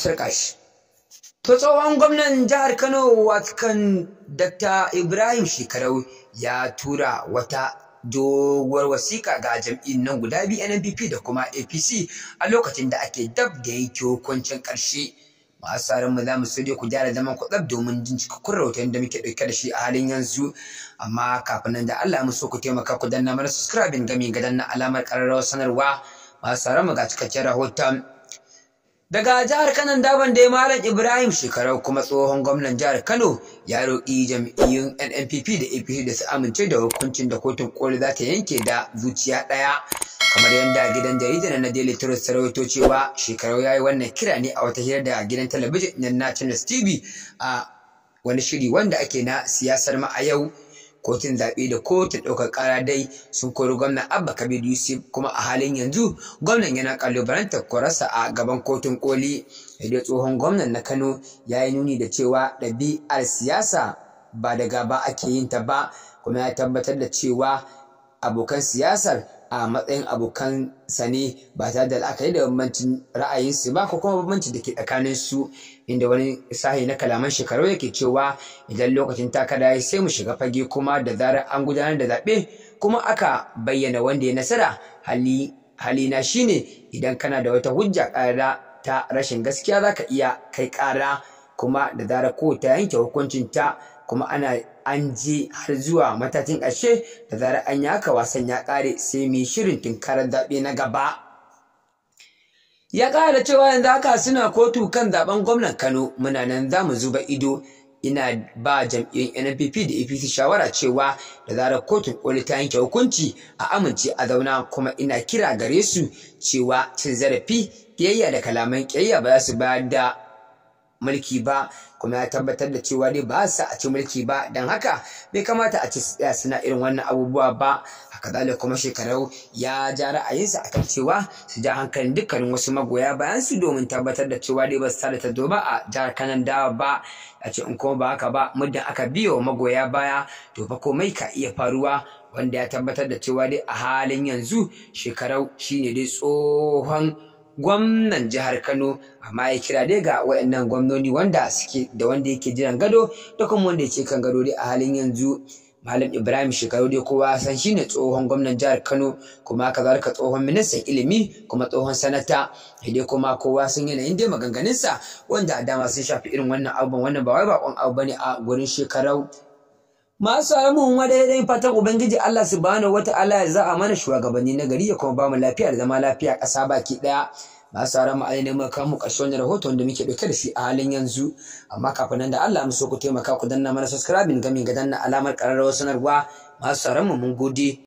sarƙa to tsohon gwamnan jihar kano watkan dr ibrahim shekarau ya tura wata doguwar wasiƙa ga jam'in nan guda biyu nnpp da kuma apc a lokacin da ake dab da yake hukuncin ƙarshe masu mu za mu so ku gyara zaman kwatsar domin jin cikakkun rahoton da muke ɗauke da shi a halin yanzu amma kafin nan da allah mu so ku taimaka ku danna mana subscribing gami ga danna alamar ƙararrawar sanarwa masu mu ga cikakken rahoton Daga jihar Kano daban dai Malam Ibrahim shekarar kuma tsohon gwamnan jihar Kano ya roƙi jam'iyyun NNPP da APC da su amince da hukuncin da kotun koli za ta yanke da zuciya ɗaya. Kamar yadda gidan jaridar na Daily Trust ta rawaito cewa shekarau ya yi wannan kira ne a wata hira da gidan talabijin na National TV a wani shiri wanda ake na siyasar ma a yau kotun zaɓe da kotun ɗaukar ƙara dai sun kori gwamna abba kabir yusuf kuma a halin yanzu gwamnan yana ƙalubalantar korarsa a gaban kotun koli da tsohon gwamnan na kano ya yi nuni da cewa ɗabi'ar siyasa ba da gaba ake yin ta ba kuma ya tabbatar da cewa abokan siyasar a matsayin abokan sani ba tare da la'akari da bambancin ra'ayinsu ba ko kuma bambancin da ke tsakanin su inda wani sahi na kalaman shekaru yake cewa idan lokacin takara ya sai mu shiga fage kuma da zarar an gudanar da zaɓe kuma aka bayyana wanda ya nasara hali na shine idan kana da wata hujja ƙara ta rashin gaskiya zaka iya kai ƙara kuma da zarar ko ta yanke hukuncin ta kuma ana an je har zuwa matakin ƙarshe da zarar an yi haka wasan ya ƙare sai mai shirin tunkarar zaɓe na gaba. Ya ƙara cewa yanzu haka suna kotu kan zaɓen gwamnan Kano muna nan za mu zuba ido ina ba jam'iyyun NPP da APC shawara cewa da zarar kotun koli ta yanke hukunci a amince a zauna kuma ina kira gare su cewa cin zarafi kiyayya da kalaman kiyayya ba za su bayar da mulki ba kuma ya tabbatar da cewa dai ba su a ci mulki ba don haka bai kamata a ci suna irin wannan abubuwa ba haka da kuma shekarau ya ja ra'ayinsa akan cewa su ja hankalin dukkanin wasu magoya bayan su domin tabbatar da cewa dai ba su tada ta ba a jihar kanan dawa ba a ce in kuma ba haka ba muddin aka biyo magoya baya to fa komai ka iya faruwa wanda ya tabbatar da cewa dai a halin yanzu shekarau shine dai tsohon gwamnan jihar Kano amma ya kira dai ga waɗannan gwamnoni wanda suke da wanda yake jiran gado da kuma wanda yake kan gado dai a halin yanzu Malam Ibrahim Shekaru dai kowa san shine tsohon gwamnan jihar Kano kuma kazalika tsohon ministan ilimi kuma tsohon sanata dai kuma kowa sun yanayin dai maganganunsa wanda a dama sun shafi irin wannan abubuwan wannan ba wai baƙon abu bane a gurin shekarau masu mu da daidai fatan ubangiji Allah subhanahu wataala ya za a mana shugabanni na gari ya kuma ba mu lafiya da zama lafiya ƙasa baki ɗaya masu mu a ne muka mu ƙarshen wani rahoton da muke ɗauke da shi a halin yanzu amma kafin nan da Allah mu so ku taimaka ku danna mana subscribing gami ga danna alamar ƙararrawar sanarwa masu mu mun gode